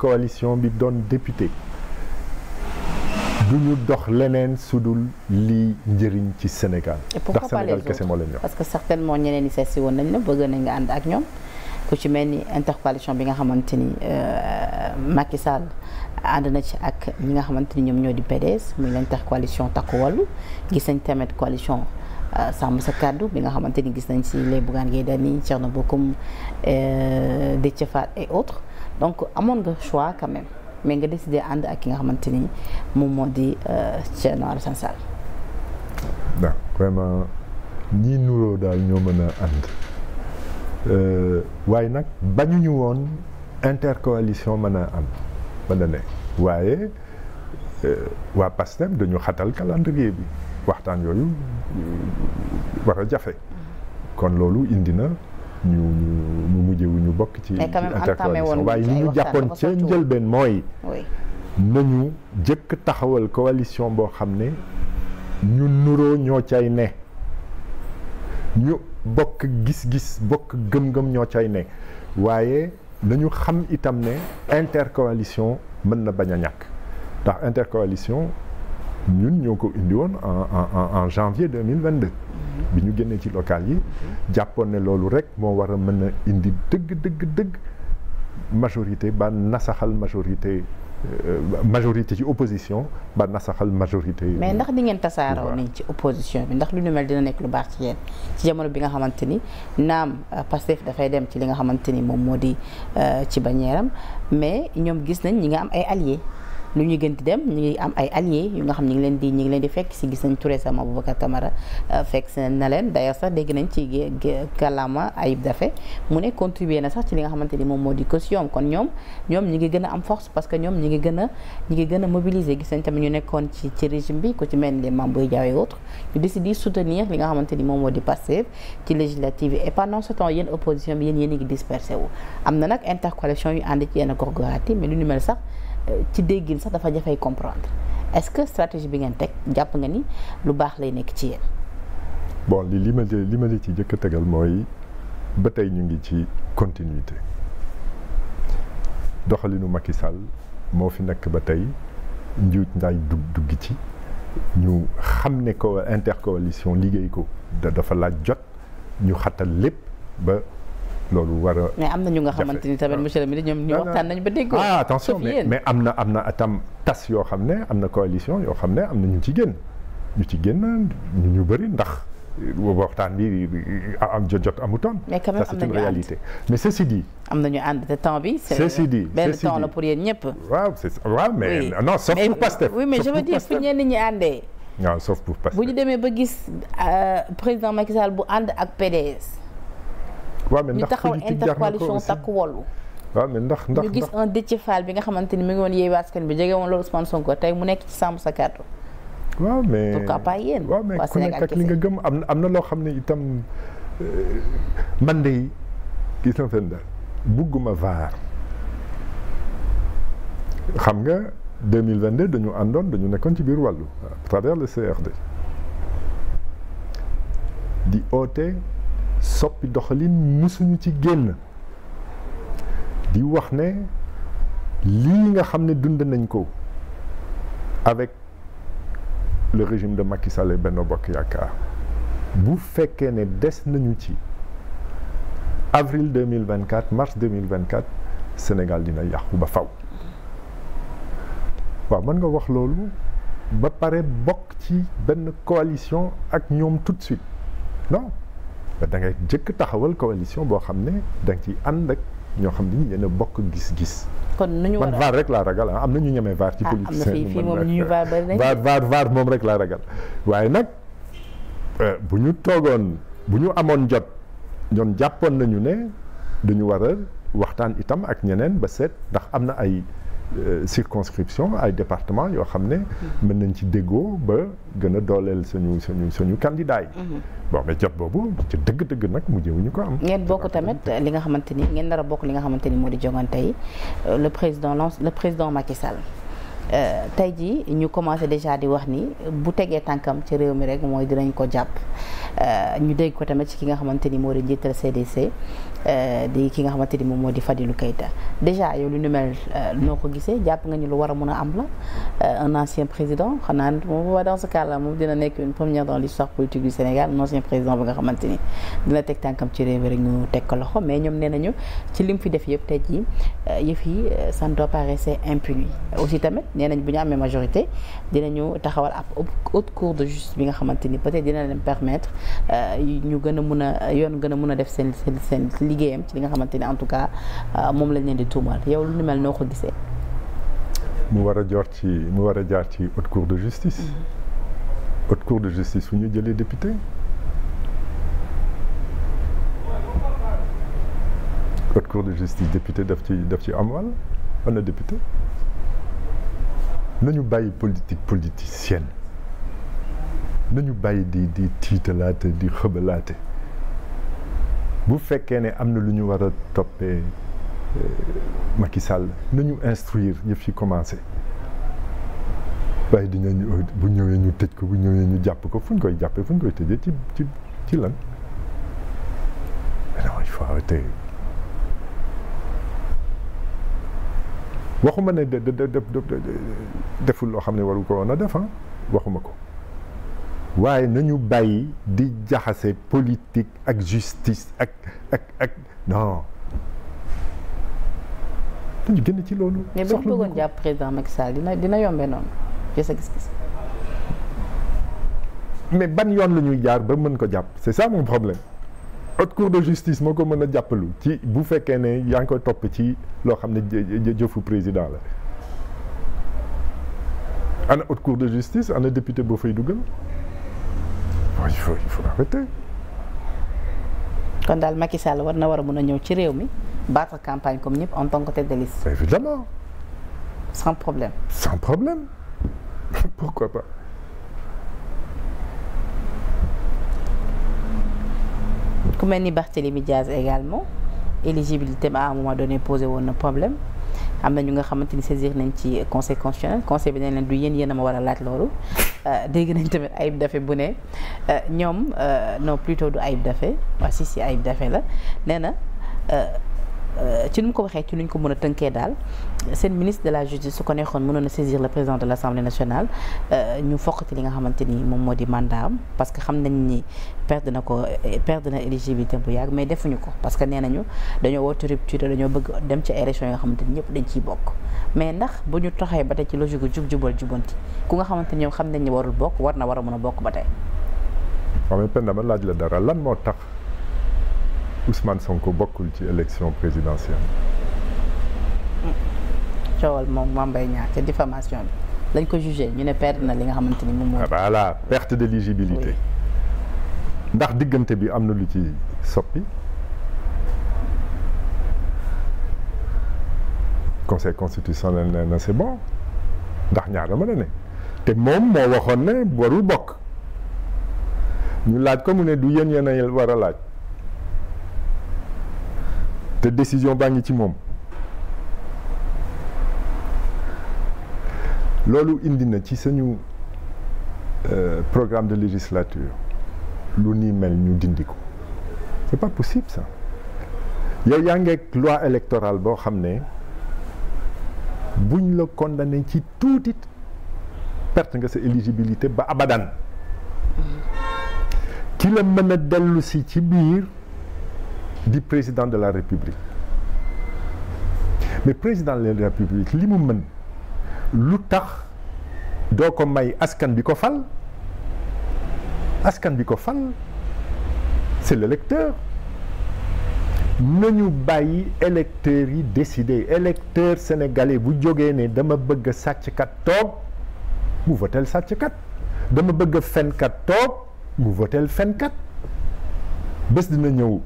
coalition bi doon député du ñu dox leneen sudul lii njëriñ ci Sénégal. ndax Sénégal kese moo leen ñor parce que certainement ñeneen ñi seet si woon nañ la bëgg nañ nga ànd ak ñoom ku ci mel ni intercoalition bi nga xamante ni euh, Macky Sall ànd na ci ak ñi nga xamante ni ñoom ñoo di PDS muy l'intercoalition takku wàllu gis nañ tamit coalition. Euh, sàmm sa kàddu bi nga xamante ni gis nañ si les Bougane Gueye Dany Thierno Bocoum euh, Déthié Fall et autres donc amoon nga choix quand même mais nga décidé ànd ak ki nga xamante ni moom moo di euh, Thierno Alassane Sall. waaw vraiment ñii nuroo daal ñoo mën a ànd euh, waaye nag bañuñu woon intercoalition mën a am mën a ne waaye euh, waa PASTEF dañu xatal calendrier bi waxtaan yooyu war a jafe kon loolu indi na. ñu ñu ñu mujj ñu bokk ci. mais quand même entamé woon waaye li ñu jàppoon ca njëlbeen mooy. nañu jëkk taxawal coalition boo xam ne ñu nuroo ñoo cay ne ñu bokk gis-gis bokk gëm-gëm ñoo cay ne waaye nañu xam itam ne intercoalition mën na bañ a ñàkk ndax intercoalition. ñun ñoo ko indi woon en en janvier deux mille vingt deux mhm. bi ñu génnee ci local yi mhm. jàppoon ne loolu rek moo war a mën a indi dëgg dëgg dëgg majorité ba nasaxal majorité euh, majorité ci opposition ba nasaxal majorité. mais ndax di ngeen tasaaroo nii ci opposition bi ndax lu ñu mel dina nekk lu baax ci yéen ci jamono bi nga xamante ni naam euh, Pastef dafay dem ci li nga xamante ni moom moo di euh, ci bañeeram mais ñoom gis nañ ñi nga am ay alliés. lu ñu gën di dem ñu ngi am ay alliés yu nga xam ñu leen di ñu ngi leen di fekk si gis nañ Touré sama Boubacar Camara euh, fekk na leen d'ailleurs sax dégg nañ ci kàllaama Ayib Daffé mu ne contribuer na sax ci li nga xamante ni moom moo di caution kon ñoom ñoom ñi ngi gën am force parce que ñoom ñi ngi gën a ñi ngi gën nekkoon ci ci régime bi ku ci mel ni Mame Boye Diao et autres ñu décidé soutenir li nga xamante ni moom moo di Pastef ci législative yi et pendant ce temps yéen opposition bi yéen yéen a ngi dispersé am na nag intercoalition yu ànd ci yenn ci déggin sax dafa jafay comprendre est-ce que stratégie bi ngeen teg jàpp nga ni lu baax lay nekk ci yéen. bon li li ma li ma li ci jëkk a tegal mooy ba tey ñu ngi ci continuité doxalinu Macky Sall moo fi nekk ba tey njuuj ndaay dug dugg ci ñu xam ne ko intercoalition liggéey ko dafa laaj jot ñu xatal lépp ba. loolu war a. mais am na ñu nga xamante ni tamit monsieur le ministre ñoom ñu ba déggoo. ah attention mais am na am tas yoo xam ne am na coalition yoo xam ne am na ñu ci génn ñu ci génn ñu ñu bëri ndax waxtaan bi am jot amutoon. mais quand même am na ñu réalité mais ceci dit. am nañu ànd te temps bi. ceci dit benn temps la pour yéen ñëpp. waaw c'est mais non sauf pour Pastef. oui mais je veux dire fu ñenn ñi àndee. waaw bu ñu demee ba gis euh, président Macky Sall bu ànd ak PDS. waa mais ndax taxaw intercoalition takku wallu waaw mais ndax ndax bi nga xamante ni mi ngi woon Yewwi Askan bi jege woon loolu Ousmane Sonko tey mu nekk ci sàmm sa kàddu. waaw mais pourquoi pas yéen. waaw mais ku nekk ak li nga gëm am na am na loo xam ne itam euh, man de gis bugguma vaar xam nga 2022 dañu àndoon dañu nekkoon ci biir wàllu travers le CRD di oote. soppi doxalin musuñu ci génn di wax ne lii nga xam ne dund nañ ko avec le régime de Macky Sall Benno Bokk Yaakaar bu fekkee ne des nañu ci avril 2024 mars 2024 Sénégal dina yàqu ba faw waaw mën nga wax loolu ba pare bokk ci benn coalition ak ñoom tout suite da ngay jëkk taxawal coalition boo xam ne da nga ciy ànd ak ñoo xam ne yéen a bokk gis-gis. kon nu ñu war a man vaar rek laa ragal ah, am na ñu ñemee vaar. ci ah, politicien bi man vaar ñu vaar bari vaar vaar moom rek laa ragal. waaye nag euh, bu ñu toogoon bu ñu amoon jot ñoom jàppoon nañu ne dañu waral a waxtaan itam ak ñeneen ba seet ndax am na ay. Euh, circonscription ay département yoo xam ne mën nañ ci déggoo ba gën a dooleel suñu suñu suñu candidat yi mm-hmm. bon mais jot boobu ci dëgg-dëgg nag ñu ko am ngeen bokk tamit li nga xamante ni ngeen nar a bokk li nga xamante ni moo di jongante yi euh, le président lance le président Macky Sall euh, tey ji ñu commencé déjà di wax ni bu tegee tànkam ci réew mi rek mooy dinañ ko jàpp ñu dégg ko tamit ci ki nga xamante ni moo di njiital CDC Euh, di ki nga xamante ni moom moo di Fadilou Keita déjà yow lu nu mel euh, noo ko gisee jàpp nga ni lu war a mën a am la Euh, un ancien président xanaa moom dans ce cas moom dina nekk une première dans l'histoire politique du Sénégal un ancien président bi nga xamante ni dina teg tànkam ci réew rek ñu teg ko loxo mais ñoom nee ñu ci lim fi def yëpp tey jii euh, yëf yi santo euh, ne doit pas aussi tamit nee nañ bu ñu amee majorité dina ñu taxawal ab haute cour de justice bi nga xamante ni peut-être dina leen permettre ñu gën a mun a yoon gën a mun a def seen seen seen liggéeyam ci li nga xamante ni en tout cas moom lañ leen di tuumal yow lu mel noo ko gisee mu war a jor ci mu war a jaar ci haute cour de justice mm-hmm. haute cour de justice fu ñu jëlee député haute cour de justice député daf ci daf ci am wàll ana député nañu bàyyi politique politicienne ñu bàyyi di di tiitalaate di xëbalaate bu fekkee ne am na lu ñu war a toppee Macky Sall nañu instruire yëf yi commencé waaye dinañu bu ñëwee ñu tëj ko bu ñëwee ñu jàpp ko fu ñu koy jàppee fu ñu koy tëjee ci ci ci lan mais waxuma ne de deful loo xam ne waru ko woon a ah. waxuma ko waaye nañu bàyyi di jaxase politik ak justice ak ak ak non. ñu génn ci loolu. soxla mais ko jàpp président Macky Sall dina dina yombee noonu ci mais ban yoon la ñuy jaar ba mën ko jàpp c'est ça mon problème haute cour de justice moo ko mën a jàppalu ci bu fekkee ne yaa ngi ko topp ci loo xam ne jëfu président la. ana haute cour de justice ana député boo fay duggal il faut kon daal Macky war na war a mën a ñëw ci réew mi. battre campagne comme ñëpp en tant que tête de liste. évidemment. sans problème. sans mel ni Barthélémy Diaz également éligibilité ba à un moment donné posé woon na problème am na ñu nga xamante ni saisir nañ ci conseil constitutionnel conseil bi nañ leen du yéen yéen a ma war a laaj loolu euh, dégg nañ tamit Ayib Daffé bu ne euh, ñoom euh, non plutôt du Ayib Daffé waa si si Ayib Daffé la nee na. Euh, ci nu mu ko waxee ci nu ñu ko mën a tënkee daal seen ministre de la justice su ko neexoon mënoon a saisir le président de l' assemblée nationale euh, ñu fokkati li nga xamante ni moom moo di mandat am parce que xam nañ ni perdre na ko perdre na éligibilité bu yàgg mais defuñu ko parce que nee nañu dañoo woote rupture dañoo bëgg dem ci élection yi nga xamante ni ñëpp dañ ciy bokk mais ndax bu ñu taxee ba tey ci logique gu jub jubal jubanti ku nga xamante ni ñoom xam nañ ni warul bokk war na war a mën a bokk ba tey. waaw mais Penda ma laaj la dara Ousmane Sonko bokkul ci élection présidentielle. coowal moom Mame Mbaye Niang ca diffamation bi lañ ko jugé ñu ne perdre na li nga xamante ni moom mooy. voilà ah perte d'éligibilité. ndax diggante bi am na lu ci soppi. conseil constitutionnel nee na c'est bon ndax ñaar dama la ne te moom moo waxoon ne warul bokk ñu laaj ko mu ne du yéen yéen a war a laaj. te décision baa ngi ci moom loolu indi na ci suñu euh, programme de législature lu ni mel ñu dindi ko c'est pas possible ça yow yaa ngeeg loi électorale boo xam ne buñ la condamné ci tuuti perte nga sa éligibilité ba abadan mm-hmm. ki la dellusi ci biir di président de la république mais président de la république li mu mën lu tax doo ko may askan bi ko fal askan bi ko fal c'est l'électeur nañu bàyyi électeurs yi décider électeur sénégalais bu jógee ne dama bëgg a sàcckat toog mu votel sàcckat dama bëgg a fenkat toog mu votel fenkat bés dina ñëw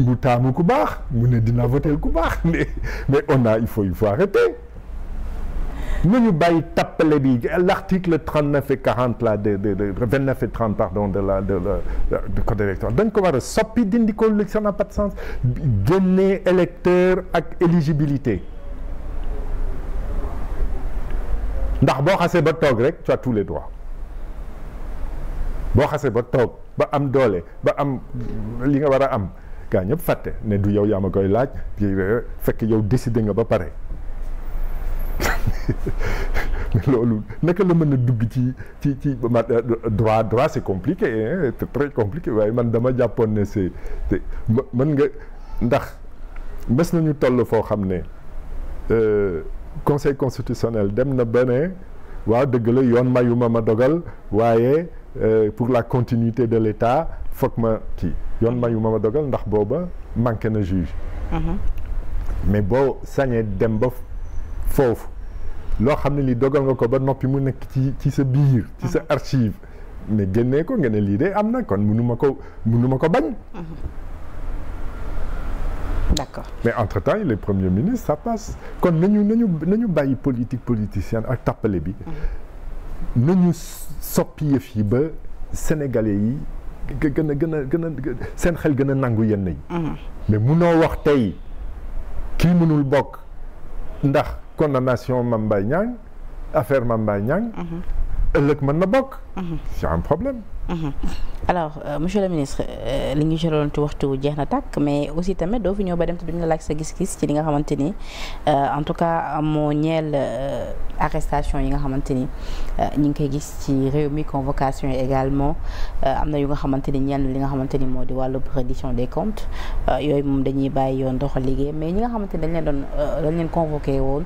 mu taamu ku baax mu ne dina voter ku baax mais mais on a il faut il faut arrêter nañu bàyyi tappale bi l'article trente neuf et quarante là de de de et trente pardon de code électoral dañ ko war a soppi dindi ko lu ça n'a pas de sens génne électeur ak éligibilité ndax boo xasee ba toog rek tu as tous les droits boo xasee ba toog ba am doole ba am li nga war a am. gaa ñëpp fàtte ne du yow yaa ma koy laaj fekk yow décidé nga ba pare loolu naka la mën a dugg ci ci ci droit droit c'est compliqué très compliqué waaye man dama jàppoon ne c'est mën nga ndax na ñu toll foo xam ne euh, conseil constitutionnel dem na ba ne waaw dëgg la yoon mayuma ma dogal waaye Euh, pour la continuité de l'État foog ma kii yoon mayu ma ma dogal ndax booba manqué na juge mhm. mais boo sañee dem ba foofu loo xam ne li dogal nga ko ba noppi mu nekk ci ci sa biir ci sa mhm. archive mais génnee ko nga ne lii de am na kon mënuma ko ma ko bañ mhm. d'accord mais entre temps e premiers ministres ça passe kon ñu nañu nañu nañu bàyyi politique politicienne ak tappale bi nañu soppi yëf yi ba sénégalais yi gën a gën a gën a seen xel gën a nangu yenn yi. Mhm. mais mu munoo wax tey ki mënul bokk ndax condamnation Mame Mbaye affaire Mame Mbaye ëllëg mën na bokk. c'est mhm. mhm. un euh, le ministre euh, li ñu jëloon ci waxtu jeex na tàkk mais aussi tamit doo fi ñëw ba dem te duñu la laaj sa gis-gis ci li nga xamante ni euh, en tout cas moo ñeel arrestation yi nga xamante ni ñu ngi koy gis ci réew mi convocation yi également am na yu nga xamante ni ñenn li nga xamante ni moo di wàllu reddition des comptes yooyu moom dañuy bàyyi yoon doxal liggéey mais ñi nga xamante ni dañ leen doon dañ leen convoqué woon